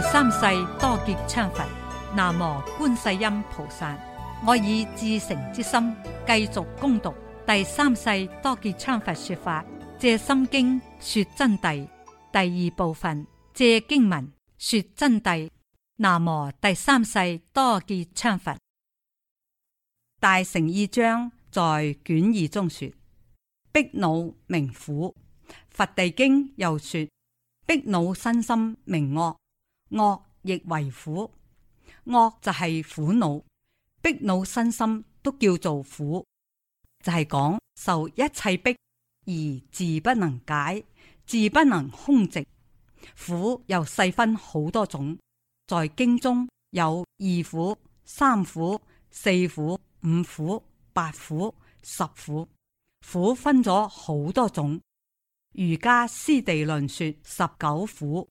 第三世多杰羌佛，南無觀世音菩薩。我以至誠之心繼續恭讀第三世多杰羌佛說法《藉心經》說真諦第二部分，《藉經文說真諦》。南無第三世多杰羌佛。大乘義章在卷二中說：逼惱名苦，《佛地經》又說：逼惱身心名惡。惡亦為苦，惡就係苦惱，逼惱身心都叫做苦，就係、是、講受一切逼而自不能解，自不能空寂。苦又細分好多種，在經中有二苦、三苦、四苦、五苦、八苦、十苦，苦分咗好多種。瑜伽《師地論》說十九苦。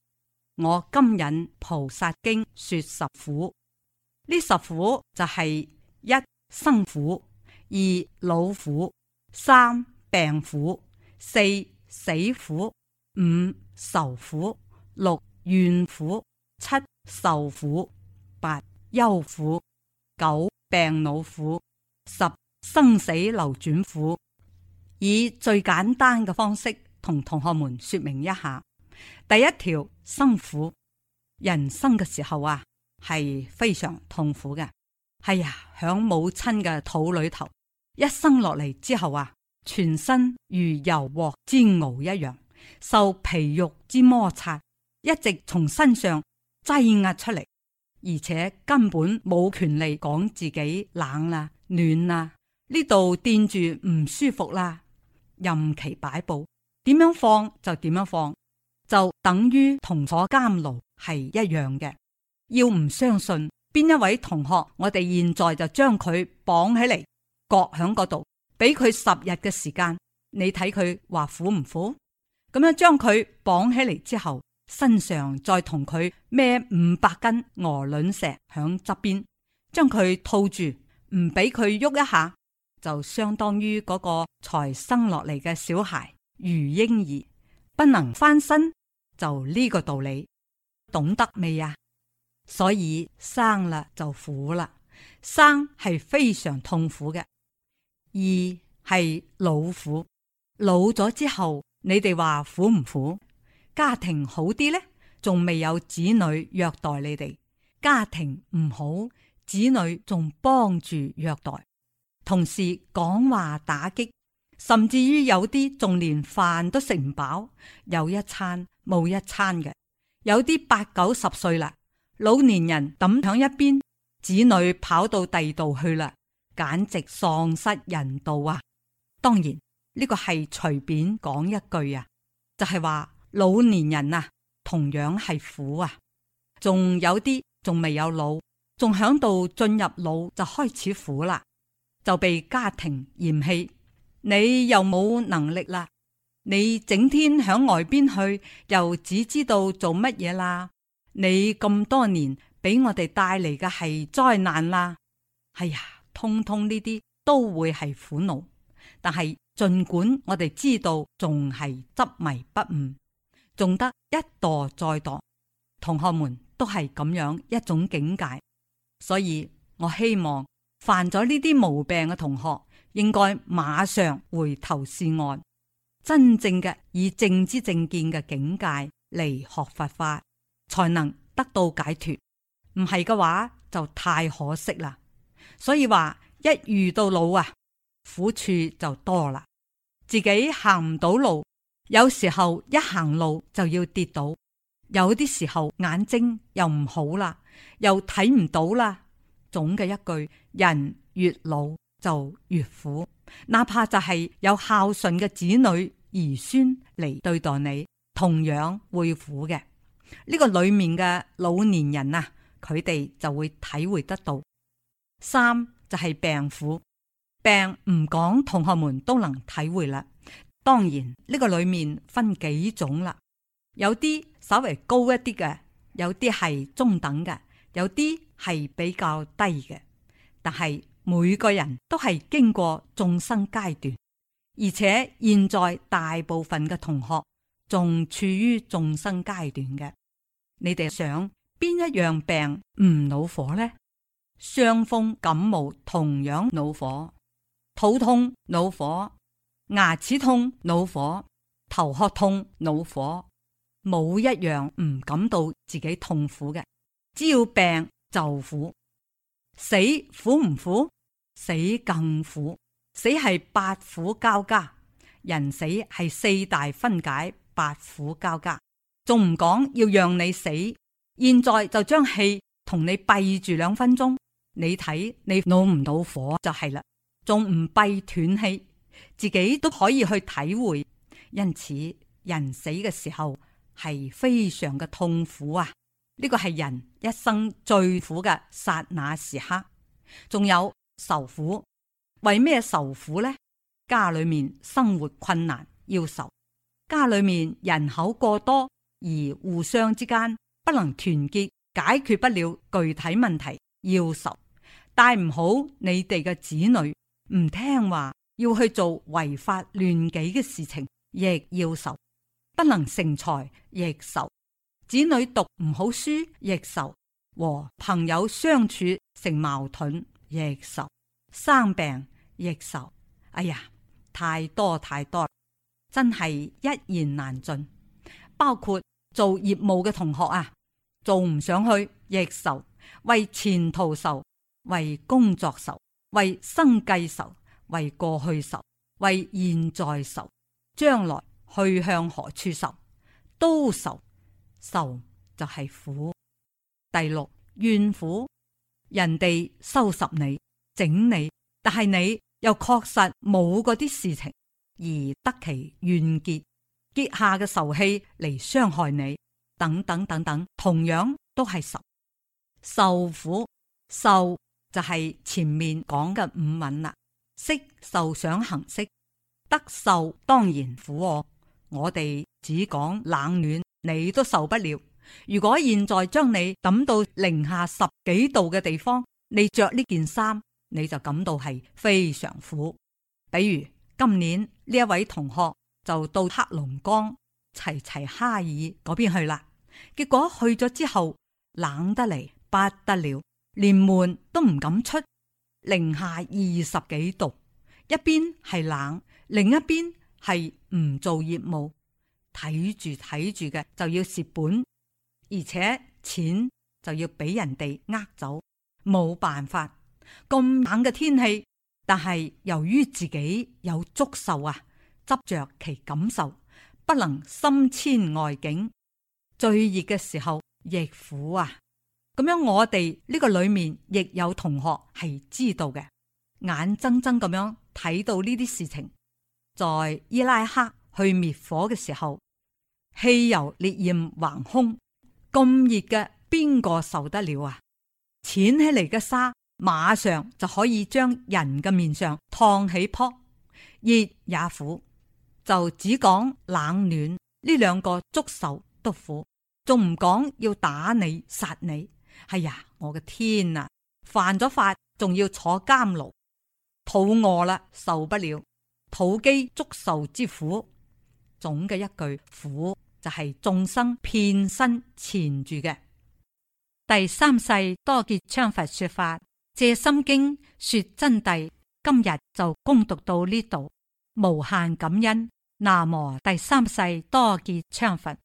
我今引菩薩經說十苦，呢十苦就係、是、一生苦、二老苦、三病苦、四死苦、五愁苦、六怨苦、七受苦、八憂苦、九病老苦、十生死流轉苦，以最簡單嘅方式同同學們說明一下。第一條生苦，人生嘅時候啊，係非常痛苦嘅。係、哎、啊，響母親嘅肚裏頭，一生落嚟之後啊，全身如油鑊煎熬一樣，受皮肉之摩擦，一直從身上擠壓出嚟，而且根本冇權利講自己冷啦、啊、暖啦、啊，呢度墊住唔舒服啦、啊，任其擺布，點樣放就點樣放。就等於同坐監牢係一樣嘅，要唔相信邊一位同學？我哋現在就將佢綁起嚟，割喺嗰度，俾佢十日嘅時間。你睇佢話苦唔苦？咁樣將佢綁起嚟之後，身上再同佢咩五百斤鵝卵石喺側邊，將佢套住，唔俾佢喐一下，就相當於嗰個才生落嚟嘅小孩如嬰兒，不能翻身。就呢個道理，懂得未呀？所以生啦就苦啦，生係非常痛苦嘅，二係老苦，老咗之後，你哋話苦唔苦？家庭好啲呢，仲未有子女虐待你哋；家庭唔好，子女仲幫住虐待，同時講話打擊。甚至於有啲仲連飯都食唔飽，有一餐冇一餐嘅。有啲八九十歲啦，老年人抌響一邊，子女跑到第度去啦，簡直喪失人道啊！當然呢個係隨便講一句啊，就係話老年人啊，同樣係苦啊。仲有啲仲未有老，仲響度進入老就開始苦啦，就被家庭嫌棄。你又冇能力啦，你整天響外邊去，又只知道做乜嘢啦？你咁多年俾我哋帶嚟嘅係災難啦，哎呀，通通呢啲都會係苦惱。但係儘管我哋知道，仲係執迷不悟，仲得一墮再墮。同學們都係咁樣一種境界，所以我希望犯咗呢啲毛病嘅同學。應該馬上回頭是岸，真正嘅以正知正見嘅境界嚟學佛法，才能得到解脫。唔係嘅話就太可惜啦。所以話一遇到老啊，苦處就多啦，自己行唔到路，有時候一行路就要跌倒，有啲時候眼睛又唔好啦，又睇唔到啦。總嘅一句，人越老，就越苦，哪怕就係有孝順嘅子女、兒孫嚟對待你，同樣會苦嘅。呢、這個裏面嘅老年人啊，佢哋就會體會得到。三就係、是、病苦，病唔講，同學們都能體會啦。當然呢、這個裏面分幾種啦，有啲稍微高一啲嘅，有啲係中等嘅，有啲係比較低嘅，但係，每個人都係經過眾生階段，而且現在大部分嘅同學仲處於眾生階段嘅。你哋想邊一樣病唔惱火呢？傷風感冒同樣惱火，肚痛惱火，牙齒痛惱火，頭殼痛惱火，冇一樣唔感到自己痛苦嘅。只要病就苦，死苦唔苦？死更苦，死係八苦交加，人死係四大分解，八苦交加，仲唔講要讓你死，現在就將氣同你閉住兩分鐘，你睇你怒唔怒火就係啦，仲唔閉斷氣，自己都可以去體會。因此，人死嘅時候係非常嘅痛苦啊！呢個係人一生最苦嘅剎那時刻，仲有。受苦，為咩受苦呢？家裏面生活困難要受，家裏面人口過多而互相之間不能團結，解決不了具體問題要受。帶唔好你哋嘅子女唔聽話，要去做違法亂紀嘅事情，亦要受。不能成才亦受，子女讀唔好書亦受，和朋友相處成矛盾。亦愁生病，亦愁。哎呀，太多太多，真係一言難盡。包括做業務嘅同學啊，做唔上去亦愁，為前途愁，為工作愁，為生計愁，為過去愁，為現在愁，將來去向何處愁，都愁。愁就係苦。第六，怨苦。人哋收拾你、整你，但係你又確實冇嗰啲事情而得其怨結，結下嘅仇氣嚟傷害你，等等等等，同樣都係受受苦受，就係前面講嘅五蘊啦。色受想行識得受當然苦我，我哋只講冷暖，你都受不了。如果現在將你抌到零下十幾度嘅地方，你着呢件衫，你就感到係非常苦。比如今年呢一位同學就到黑龍江齊齊哈爾嗰邊去啦，結果去咗之後冷得嚟，不得了，連門都唔敢出，零下二十幾度，一邊係冷，另一邊係唔做業務，睇住睇住嘅，就要蝕本。而且錢就要俾人哋呃走，冇辦法。咁冷嘅天氣，但係由於自己有觸受啊，執着其感受，不能心遷外境。最熱嘅時候亦苦啊！咁樣我哋呢個裏面亦有同學係知道嘅，眼睜睜咁樣睇到呢啲事情。在伊拉克去滅火嘅時候，汽油烈焰橫空。咁熱嘅邊個受得了啊？濺起嚟嘅沙馬上就可以將人嘅面上燙起泡，熱也苦，就只講冷暖呢兩個觸受都苦，仲唔講要打你殺你？哎呀，我嘅天啊！犯咗法仲要坐監牢，肚餓啦受不了，土雞觸受之苦，總嘅一句苦。就係眾生遍身纏住嘅。第三世多杰羌佛說法，藉心經說真諦，今日就恭讀到呢度，無限感恩。南無第三世多杰羌佛。